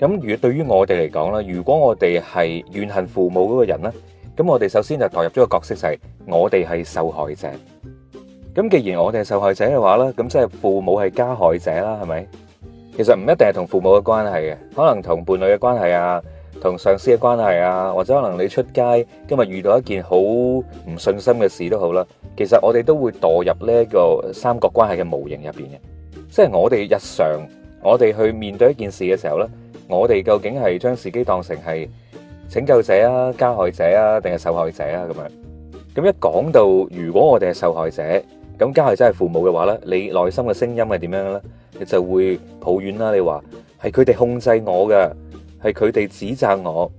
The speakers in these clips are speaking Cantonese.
咁，如果對於我哋嚟講咧，如果我哋係怨恨父母嗰個人咧，咁我哋首先就代入咗個角色，就係我哋係受害者。咁既然我哋係受害者嘅話咧，咁即係父母係加害者啦，係咪？其實唔一定係同父母嘅關係嘅，可能同伴侶嘅關係啊，同上司嘅關係啊，或者可能你出街今日遇到一件好唔順心嘅事都好啦。其實我哋都會墮入呢一個三角關係嘅模型入邊嘅，即係我哋日常我哋去面對一件事嘅時候咧。我哋究竟係將自己當成係拯救者啊、加害者啊，定係受害者啊？咁樣咁一講到，如果我哋係受害者，咁加害者係父母嘅話咧，你內心嘅聲音係點樣咧？你就會抱怨啦，你話係佢哋控制我嘅，係佢哋指責我，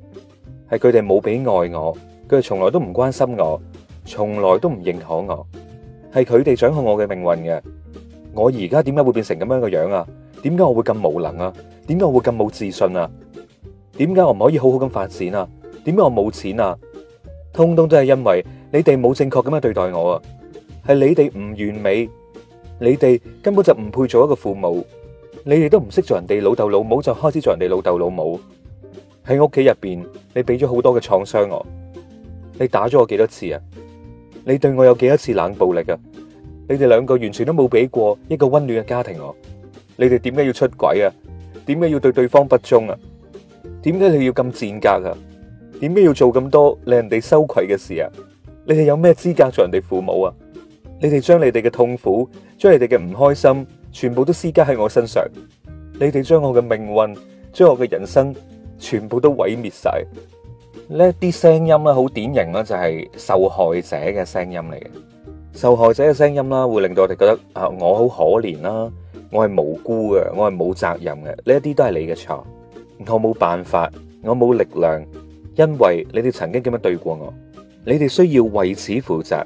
係佢哋冇俾愛我，佢哋從來都唔關心我，從來都唔認可我，係佢哋掌控我嘅命運嘅。我而家點解會變成咁樣嘅樣啊？點解我會咁無能啊？點解我會咁冇自信啊？點解我唔可以好好咁發展啊？點解我冇錢啊？通通都係因為你哋冇正確咁樣對待我啊。係你哋唔完美，你哋根本就唔配做一個父母。你哋都唔識做人哋老豆老母，就開始做人哋老豆老母喺屋企入邊。你俾咗好多嘅創傷我，你打咗我幾多次啊？你對我有幾多次冷暴力啊？你哋兩個完全都冇俾過一個溫暖嘅家庭我。你哋點解要出軌啊？點解要對對方不忠啊？點解你要咁賤格啊？點解要做咁多令人哋羞愧嘅事啊？你哋有咩資格做人哋父母啊？你哋將你哋嘅痛苦、將你哋嘅唔開心，全部都施加喺我身上。你哋將我嘅命運、將我嘅人生，全部都毀滅晒。呢一啲聲音咧，好典型啦，就係受害者嘅聲音嚟嘅。受害者嘅聲音啦，會令到我哋覺得啊，我好可憐啦。我係無辜嘅，我係冇責任嘅，呢一啲都係你嘅錯。我冇辦法，我冇力量，因為你哋曾經咁樣對過我，你哋需要為此負責。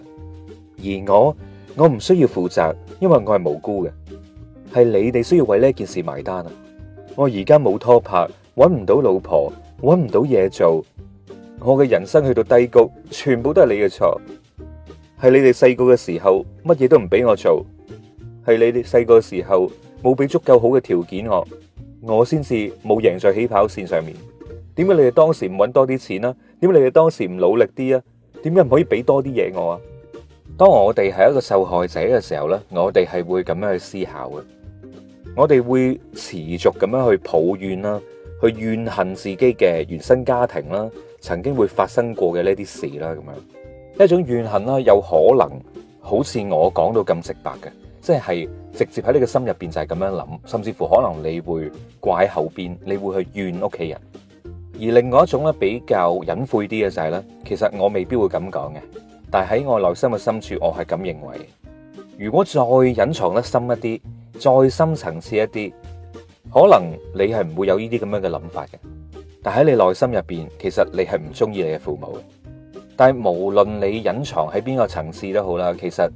而我，我唔需要負責，因為我係無辜嘅，係你哋需要為呢件事埋單啊！我而家冇拖拍，搵唔到老婆，搵唔到嘢做，我嘅人生去到低谷，全部都係你嘅錯，係你哋細個嘅時候，乜嘢都唔俾我做。係你哋細個時候冇俾足夠好嘅條件我，我先至冇贏在起跑線上面。點解你哋當時唔揾多啲錢啦？點解你哋當時唔努力啲啊？點解唔可以俾多啲嘢我啊？當我哋係一個受害者嘅時候呢，我哋係會咁樣去思考嘅。我哋會持續咁樣去抱怨啦，去怨恨自己嘅原生家庭啦，曾經會發生過嘅呢啲事啦，咁樣一種怨恨啦，有可能好似我講到咁直白嘅。即係直接喺你嘅心入邊就係咁樣諗，甚至乎可能你會怪喺後邊，你會去怨屋企人。而另外一種咧，比較隱晦啲嘅就係咧，其實我未必會咁講嘅，但係喺我內心嘅深處，我係咁認為的。如果再隱藏得深一啲，再深層次一啲，可能你係唔會有呢啲咁樣嘅諗法嘅。但喺你內心入邊，其實你係唔中意你嘅父母嘅。但係無論你隱藏喺邊個層次都好啦，其實。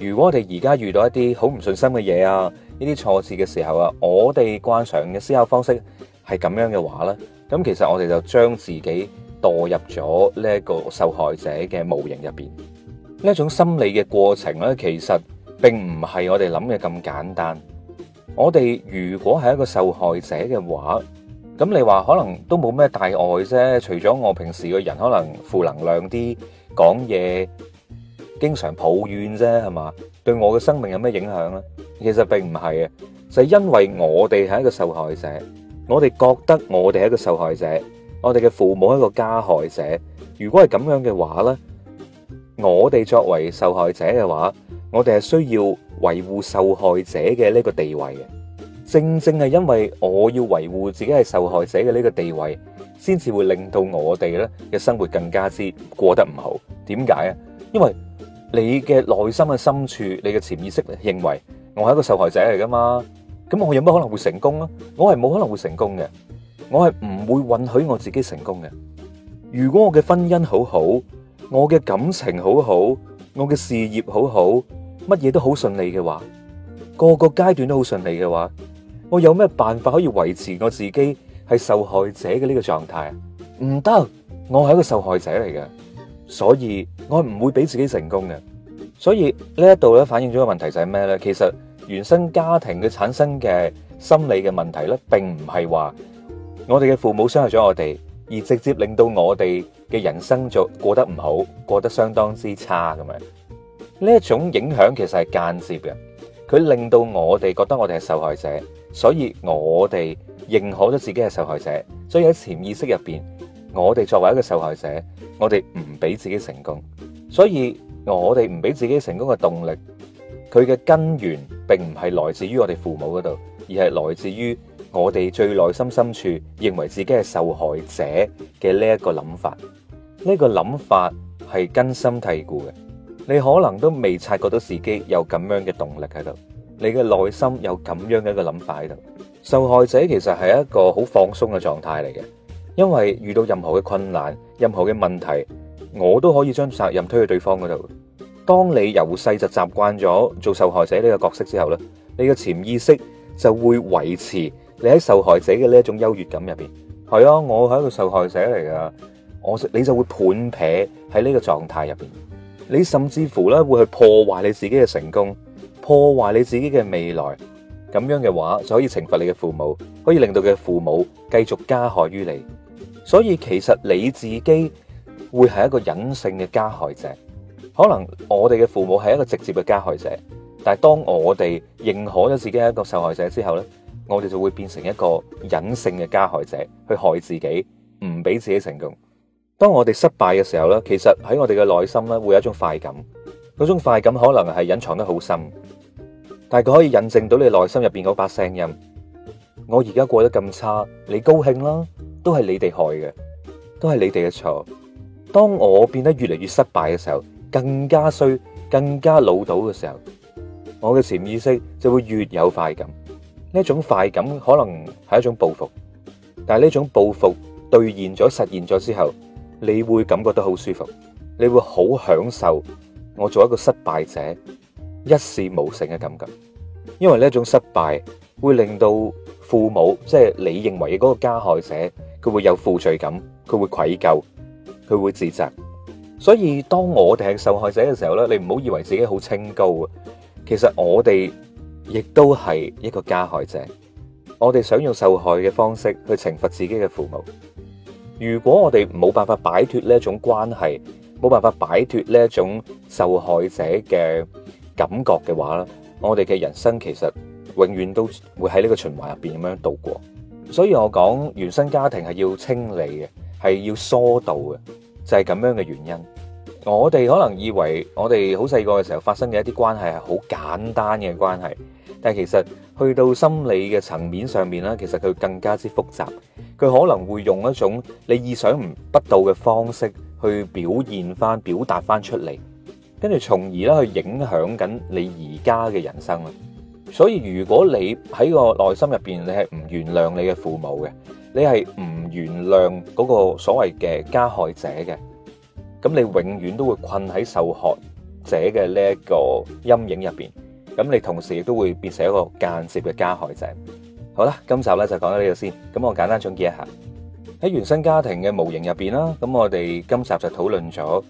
如果我哋而家遇到一啲好唔順心嘅嘢啊，呢啲挫折嘅時候啊，我哋慣常嘅思考方式係咁樣嘅話咧，咁其實我哋就將自己墮入咗呢一個受害者嘅模型入邊，呢一種心理嘅過程咧，其實並唔係我哋諗嘅咁簡單。我哋如果係一個受害者嘅話，咁你話可能都冇咩大礙啫，除咗我平時個人可能負能量啲講嘢。經常抱怨啫，係嘛？對我嘅生命有咩影響呢？其實並唔係嘅，就係因為我哋係一個受害者，我哋覺得我哋係一個受害者，我哋嘅父母係一個加害者。如果係咁樣嘅話呢，我哋作為受害者嘅話，我哋係需要維護受害者嘅呢個地位嘅。正正係因為我要維護自己係受害者嘅呢個地位，先至會令到我哋呢嘅生活更加之過得唔好。點解啊？因為你嘅內心嘅深處，你嘅潛意識認為我係一個受害者嚟噶嘛？咁我有乜可能會成功啊？我係冇可能會成功嘅，我係唔會允許我自己成功嘅。如果我嘅婚姻好好，我嘅感情好好，我嘅事業好好，乜嘢都好順利嘅話，個個階段都好順利嘅話，我有咩辦法可以維持我自己係受害者嘅呢個狀態啊？唔得，我係一個受害者嚟嘅。所以我唔會俾自己成功嘅，所以呢一度咧反映咗個問題就係咩呢？其實原生家庭嘅產生嘅心理嘅問題呢，並唔係話我哋嘅父母傷害咗我哋，而直接令到我哋嘅人生就過得唔好，過得相當之差咁樣。呢一種影響其實係間接嘅，佢令到我哋覺得我哋係受害者，所以我哋認可咗自己係受害者，所以喺潛意識入邊，我哋作為一個受害者，我哋唔俾自己成功，所以我哋唔俾自己成功嘅動力，佢嘅根源並唔係來自於我哋父母嗰度，而係來自於我哋最內心深處認為自己係受害者嘅呢一個諗法。呢個諗法係根深蒂固嘅，你可能都未察覺到自己有咁樣嘅動力喺度，你嘅內心有咁樣嘅一個諗法喺度。受害者其實係一個好放鬆嘅狀態嚟嘅。因為遇到任何嘅困難、任何嘅問題，我都可以將責任推去對方嗰度。當你由細就習慣咗做受害者呢個角色之後咧，你嘅潛意識就會維持你喺受害者嘅呢一種優越感入邊。係啊，我係一個受害者嚟㗎，我你就會判撇喺呢個狀態入邊。你甚至乎咧會去破壞你自己嘅成功，破壞你自己嘅未來。咁樣嘅話就可以懲罰你嘅父母，可以令到佢嘅父母繼續加害於你。所以其實你自己會係一個隱性嘅加害者，可能我哋嘅父母係一個直接嘅加害者，但係當我哋認可咗自己係一個受害者之後呢，我哋就會變成一個隱性嘅加害者，去害自己，唔俾自己成功。當我哋失敗嘅時候呢，其實喺我哋嘅內心咧會有一種快感，嗰種快感可能係隱藏得好深，但係佢可以印證到你內心入邊嗰把聲音：我而家過得咁差，你高興啦。都係你哋害嘅，都係你哋嘅錯。當我變得越嚟越失敗嘅時候，更加衰、更加老到嘅時候，我嘅潛意識就會越有快感。呢種快感可能係一種報復，但係呢種報復兌現咗、實現咗之後，你會感覺到好舒服，你會好享受我做一個失敗者、一事無成嘅感覺。因為呢種失敗會令到父母，即係你認為嘅嗰個加害者。佢會有負罪感，佢會愧疚，佢會自責。所以，當我哋係受害者嘅時候咧，你唔好以為自己好清高啊！其實我哋亦都係一個加害者。我哋想用受害嘅方式去懲罰自己嘅父母。如果我哋冇辦法擺脫呢一種關係，冇辦法擺脫呢一種受害者嘅感覺嘅話咧，我哋嘅人生其實永遠都會喺呢個循環入邊咁樣度過。所以我講，原生家庭係要清理嘅，係要疏導嘅，就係咁樣嘅原因。我哋可能以為我哋好細個嘅時候發生嘅一啲關係係好簡單嘅關係，但係其實去到心理嘅層面上面咧，其實佢更加之複雜。佢可能會用一種你意想唔不到嘅方式去表現翻、表達翻出嚟，跟住從而咧去影響緊你而家嘅人生啦。所以如果你喺個內心入邊，你係唔原諒你嘅父母嘅，你係唔原諒嗰個所謂嘅加害者嘅，咁你永遠都會困喺受害者嘅呢一個陰影入邊，咁你同時亦都會變成一個間接嘅加害者。好啦，今集咧就講到呢度先。咁我簡單總結一下喺原生家庭嘅模型入邊啦。咁我哋今集就討論咗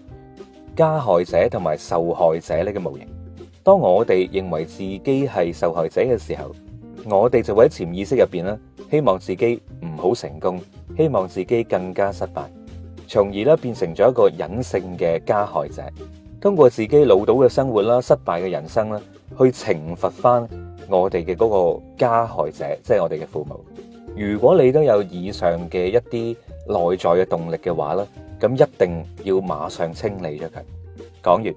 加害者同埋受害者呢個模型。當我哋認為自己係受害者嘅時候，我哋就會喺潛意識入邊咧，希望自己唔好成功，希望自己更加失敗，從而咧變成咗一個隱性嘅加害者。通過自己潦倒嘅生活啦、失敗嘅人生啦，去懲罰翻我哋嘅嗰個加害者，即係我哋嘅父母。如果你都有以上嘅一啲內在嘅動力嘅話咧，咁一定要馬上清理咗佢。講完。